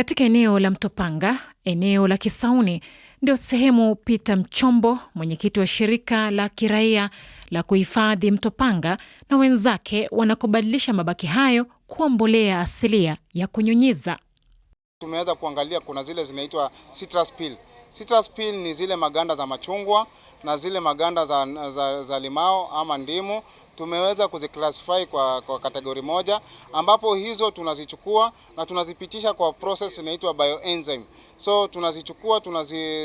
katika eneo la Mtopanga, eneo la Kisauni ndio sehemu Peter Mchombo, mwenyekiti wa shirika la kiraia la kuhifadhi Mtopanga, na wenzake wanakobadilisha mabaki hayo kuwa mbolea asilia ya kunyunyiza. Tumeweza kuangalia kuna zile zinaitwa citrus peel. Citrus peel ni zile maganda za machungwa na zile maganda za, za, za limao ama ndimu tumeweza kuziclassify kwa, kwa kategori moja ambapo hizo tunazichukua na tunazipitisha kwa process inaitwa bioenzyme. So tunazichukua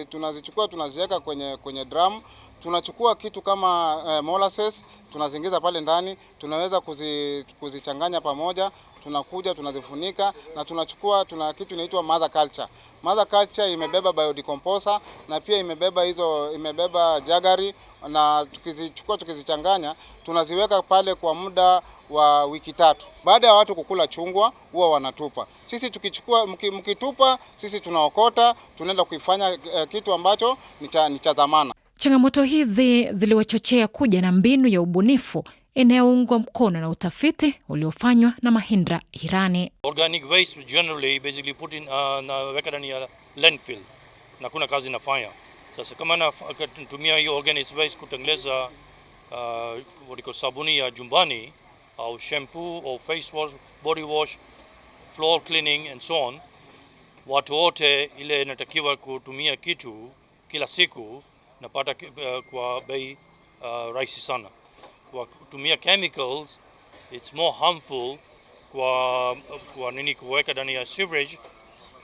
tunazichukua tunaziweka kwenye, kwenye drum tunachukua kitu kama eh, molasses tunazingiza pale ndani, tunaweza kuzi, kuzichanganya pamoja, tunakuja tunazifunika na tunachukua, tuna kitu inaitwa mother culture. Mother culture imebeba biodecomposer na pia imebeba hizo, imebeba jagari, na tukizichukua tukizichanganya, tunaziweka pale kwa muda wa wiki tatu. Baada ya watu kukula chungwa huwa wanatupa. Sisi tukichukua, mkitupa sisi tunaokota, tunaenda kuifanya eh, kitu ambacho ni cha dhamana. Changamoto hizi ziliwachochea kuja na mbinu ya ubunifu inayoungwa mkono na utafiti uliofanywa na Mahindra Hirani. Organic waste generally basically put in uh, weka ndani ya landfill na kuna kazi inafanya sasa, kama natumia hiyo organic waste uh, sabuni ya jumbani au shampoo au face wash, body wash, floor cleaning and so on. Watu wote ile inatakiwa kutumia kitu kila siku napata uh, kwa bei uh, rahisi sana. Kwa kutumia chemicals it's more harmful kwa, kwa nini kuweka ndani ya sewage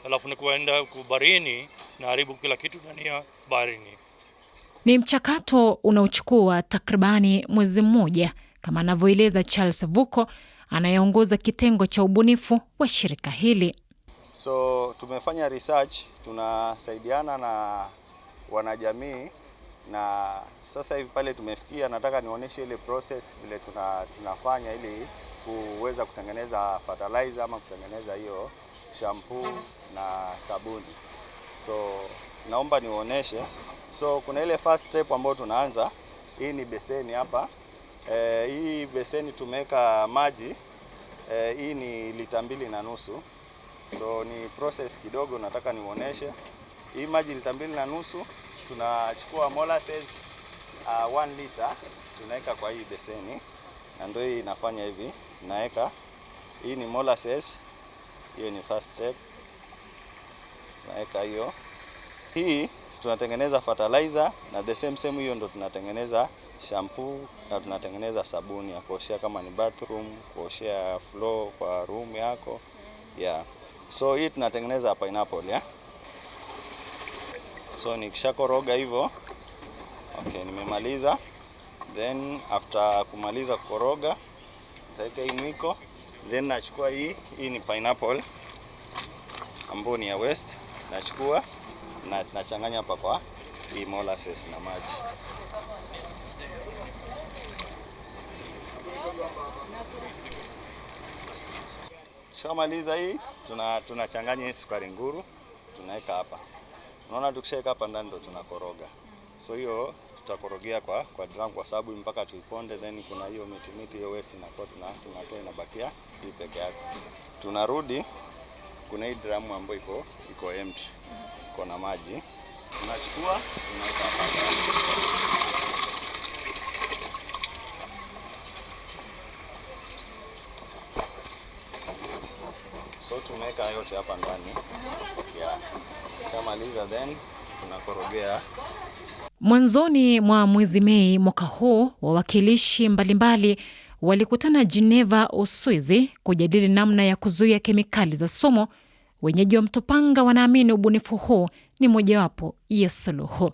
alafu ni kuenda kubarini na haribu kila kitu ndani ya barini. Ni mchakato unaochukua takribani mwezi mmoja, kama anavyoeleza Charles Vuko anayeongoza kitengo cha ubunifu wa shirika hili. So tumefanya research, tunasaidiana na wanajamii na sasa hivi pale tumefikia, nataka nionyeshe ile process vile tuna, tunafanya ili kuweza kutengeneza fertilizer ama kutengeneza hiyo shampoo na sabuni. So naomba nionyeshe. So kuna ile first step ambayo tunaanza, hii ni beseni hapa e, hii beseni tumeweka maji e, hii ni lita mbili na nusu. So ni process kidogo nataka nionyeshe hii maji lita mbili na nusu tunachukua molasses uh, 1 liter tunaweka kwa hii beseni, na ndio hii inafanya hivi, naweka hii ni molasses, hiyo ni first step, naweka hiyo. Hii tunatengeneza fertilizer na the same same, hiyo ndo tunatengeneza shampoo na tunatengeneza sabuni ya kuoshea kama ni bathroom, kuoshea floor kwa room yako yeah. So hii tunatengeneza pineapple ya yeah so nikishakoroga hivyo okay, nimemaliza. Then after kumaliza kukoroga, nitaweka hii mwiko, then nachukua hii hii ni pineapple ambayo ni ya west, nachukua na nachanganya hapa kwa hii molasses na maji Tushamaliza hii tunachanganya tuna sukari nguru tunaweka hapa. Naona tukishaweka hapa ndani ndo tunakoroga. So hiyo tutakorogea kwa kwa drum kwa sababu mpaka tuiponde, then kuna hiyo miti miti hiyo waste na kwa tuna tunatoa inabakia hii peke yake. Tunarudi kuna hii drum ambayo iko iko empty. Iko na maji. Tunachukua tunaweka hapa. So tumeweka yote hapa ndani yeah. then tunakorogea. Mwanzoni mwa mwezi Mei mwaka huu, wawakilishi mbalimbali walikutana Geneva, Uswizi, kujadili namna ya kuzuia kemikali za sumu. Wenyeji wa Mtopanga wanaamini ubunifu huu ni mojawapo ya suluhu.